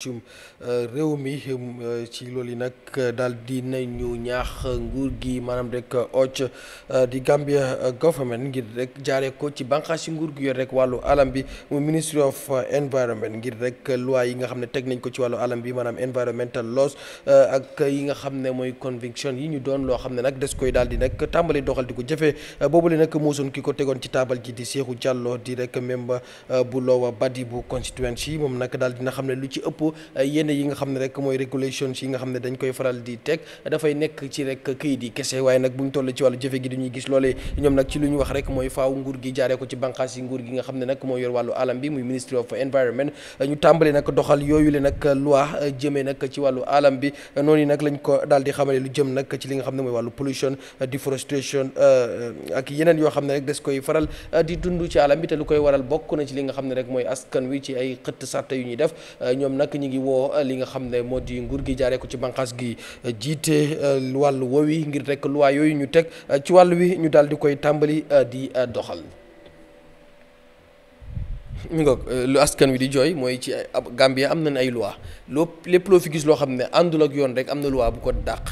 cim euh, réew mi euh, ci lool yi nag euh, daal di ñu ñaax nguur gi maanaam rek oc di Gambia government ngir rek jaaree ko ci bànqaas yi nguur gi yor rek wàllu alam bi mu ministry of environment ngir rek loi yi nga xam ne teg nañ ko ci wàllu alam bi maanaam environmental laws ak yi nga xam ne mooy conviction yi ñu doon loo xam ne nag des koy daal di nag tàmbali doxal di ko jëfee boobule nag moosoon ki ko tegoon ci taabal ji di Seexu Jàllo di rek membre bu Lowa Euh, yenn yi nga xam ne rek mooy régulations yi nga xam ne dañ koy faral di teg dafay nekk ci rek këyit yi kese waaye nag bu ñu toll ci wàllu jëfe gi duñuy gis loolee ñoom nag ci lu ñu wax rek mooy ko ci banqaas yi nguur gi nga xam ne nag moo yor wàllu alam bi muy ministry of environment euh, ñu tàmbale nag doxal yooyu le nag loi euh, nag lañ ko daal di xamale lu jëm nag ci li nga xam ne mooy wàllu pollution deforestation ak yeneen yoo xam ne rek des koy faral di dund ci alam bi te koy waral bokk na ci li nga xam ne rek mooy askan wi ci yu ñuy def ñu ngi woo euh, li nga xam ne moo di nguur gi jaaree ko ci banqaas gi euh, jiite euh, wàllu woowi ngir rek luwaa yooyu ñu teg ci wàll wi ñu daal di koy tàmbali di doxal. mi ngoog lu askan wi di jooy mooy ci ab Gambia am nañ ay loi loo lépp loo fi gis loo xam ne àndul ak yoon rek am na loi bu ko dàq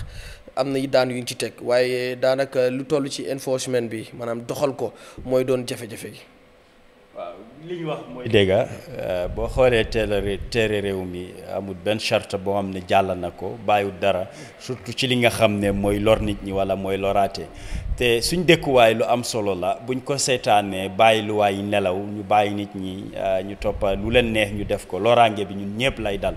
am na yi daan yuñ ci teg waaye daanaka lu toll ci enforcement bi maanaam doxal ko mooy doon jafe-jafe gi. waaw li wax mooy dégg euh, boo xoolee teelare teere réew mi amut benn charte boo xam ne jàll na ko bàyyiwul dara surtout ci li nga xam ne mooy lor nit ñi walla mooy loraate te suñ dëkkuwaay lu am solo la bu ñu ko seetaanee bàyyi luwaay nelaw ñu bàyyi nit ñi euh, ñu toppa lu leen neex ñu def ko loraange bi ñun ñëpp lay dal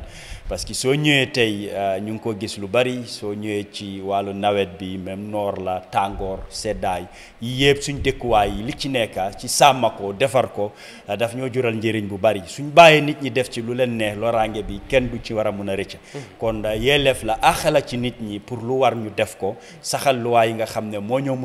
parce que soo ñëwee tey euh, ñu ngi ko gis lu bari soo ñëwee ci wàllu nawet bi même noor la tàngoor seddaay yi yëpp suñ dëkkuwaay yi li ci nekka ci sàmm ko defar ko euh, daf ñoo jural njëriñ bu bari suñ bàyyi nit ñi def ci lu leen neex loraange bi kenn du ci war a mun a rëcc hmm. kon yelleef la axala ci nit ñi pour lu war ñu def ko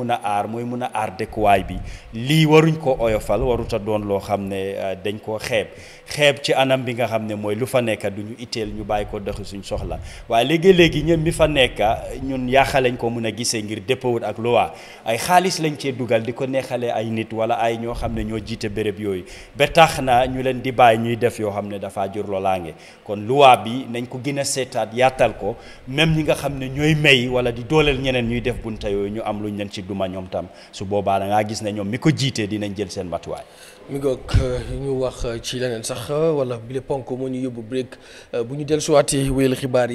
mun aar muy mun a aar dëkkuwaay bi lii waruñ ko oyofal waruta doon loo xam ne euh, dañ koo xeeb xeeb ci anam bi nga xam ne mooy lu fa nekk du ñu itteel ñu bàyyi ko doxi suñ soxla waaye léegi-léegi ñun mi fa nekk ñun yaaxa lañ ko mun a gisee ngir dëppawut ak luwaa ay xaalis lañ cee dugal di ko neexalee ay nit wala ay ñoo xam ne ñoo jiite béréb yooyu ba tax na ñu leen di bàyyi ñuy def yoo xam ne dafaa jur kon luwaa bi nañ ko gën a seetaat yaatal ko même ñi nga xam ne ñooy may wala di dooleel ñeneen ñuy def bunta yooyu ñu am luñ leen ci tuuma ñoom tam su boobaa da ngaa gis ne ñoom mi ko jiitee dinañ jël seen matuwaay. mi ngoog euh, ñu wax euh, ci leneen sax euh, wala bile ponk moo ñu yóbbu break bu ñu dellusiwaatee wéyal xibaar yi.